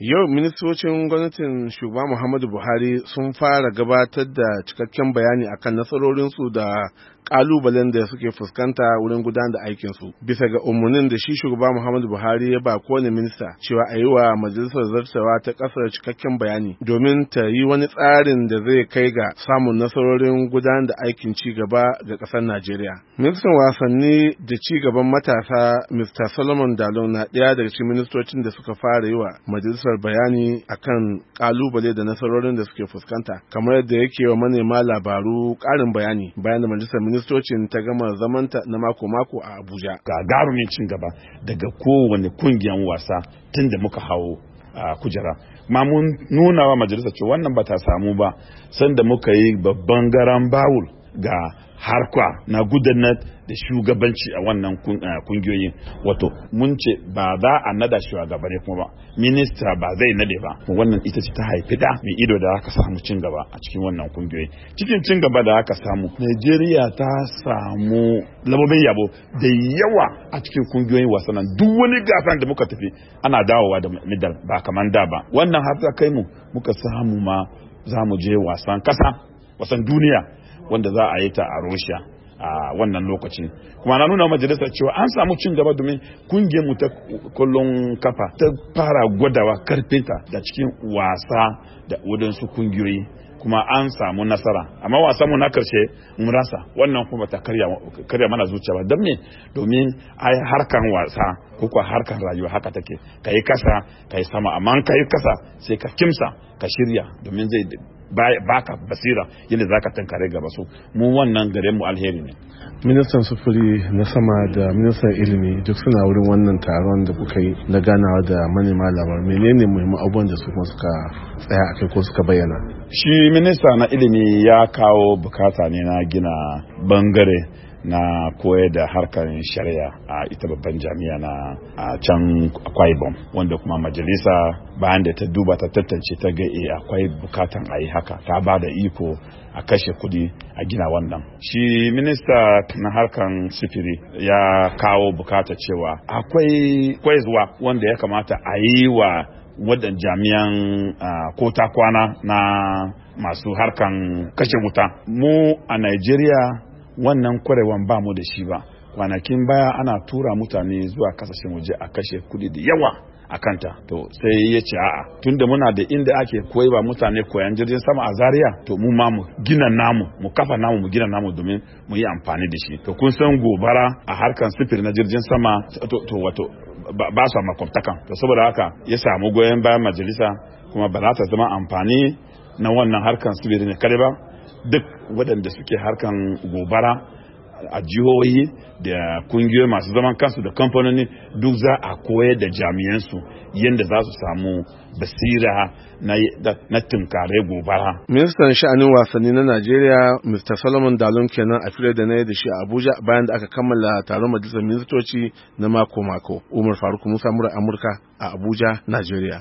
Yau ministocin gwamnatin shugaba Muhammadu Buhari sun fara gabatar da cikakken bayani akan nasarorinsu da kalubalen da suke fuskanta wurin gudanar da aikinsu bisa ga umarnin da shi shugaba Muhammadu Buhari ya ba kowane minista cewa a yi wa majalisar zartawa ta kasar cikakken bayani domin ta yi wani tsarin da zai kai ga samun nasarorin gudanar da aikin ci gaba ga kasar Najeriya. Ministan wasanni da ci gaban matasa Mr. Solomon dalo na ɗaya daga cikin ministocin da suka fara yi wa majalisar buƙatar bayani akan ƙalubale da nasarorin da suke fuskanta kamar yadda yake wa manema labaru ƙarin bayani bayan da majalisar ministocin ta gama zamanta na mako-mako a Abuja. garumin cin gaba daga kowane kungiyar wasa tun da muka hawo a kujera ma mun nuna wa majalisar cewa wannan ba ta samu ba sanda muka yi babban garan bawul ga harka na gudanar da shugabanci a wannan eh, kungiyoyin wato mun ce ba za a nada shugabanni kuma ba minista ba zai nade ba wannan ita ce ta haifi da mai ido da aka samu cin gaba a cikin wannan kungiyoyi cikin cin gaba da aka samu Najeriya ta samu lamabin yabo da yawa a cikin kungiyoyin wasannin duk wani gasar da muka tafi ana dawowa da midal ba kamar da ba wannan har ta kai mu muka samu ma za mu je wasan kasa wasan duniya wanda za a yi ta a Russia a wannan lokacin kuma na nuna majalisar cewa an samu cin gaba domin kungiyar mu ta kullun kafa ta fara gwadawa karfinta da cikin wasa da wadansu kungiyoyi kuma an samu nasara amma wasan mu na karshe mun rasa wannan kuma ta karya mana zuciya ba don me domin ai harkan wasa ko kuwa harkan rayuwa haka take kai kasa kai sama amma kai kasa sai ka kimsa ka shirya domin zai baka basira yadda za zaka tankare gaba su mu wannan gare mu alheri ne ministan sufuri na sama da ministan ilimi duk suna wurin wannan taron da kuka yi na ganawa da manema labar menene muhimman abubuwan da su kuma suka tsaya a kai ko suka bayyana shi minista na ilimi ya kawo bukata ne na gina bangare na koyar da harkar shari'a a ita babban jami'a na can akwai bom wanda kuma majalisa bayan da ta duba ta tattance ta ga e akwai bukatan a yi haka ta ba da iko a kashe kudi a gina wannan shi minista na harkan sifiri ya kawo bukata cewa akwai kwaizuwa wanda ya kamata a yi wa wadda jami'an ko kwana na masu harkan kashe wuta mu a nigeria wannan kwarewan ba mu da shi ba kwanakin baya ana tura mutane zuwa kasashen waje a kashe kudi da yawa a kanta to sai ya ce a'a tunda muna da inda ake koyi ba mutane koyan jirgin sama a zaria to mu ma mu gina namu mu kafa namu mu gina namu domin mu yi amfani da shi to kun san gobara a harkan sifir na jirgin sama to wato ba su makwabtakan to saboda haka ya samu goyon bayan majalisa kuma ba za ta zama amfani na wannan harkan sifiri ne kare ba duk waɗanda suke harkan gobara a jihohi da kungiyoyi masu zaman kansu da kamfanoni duk za a koyar da jami'ansu yadda za su samu basira na tunkare gobara. ministan sha'anin wasanni na najeriya mr solomon dalon kenan a fiye da na da shi a abuja bayan da aka kammala taron majalisar ministoci na mako-mako umar faruk musa mura amurka a abuja najeriya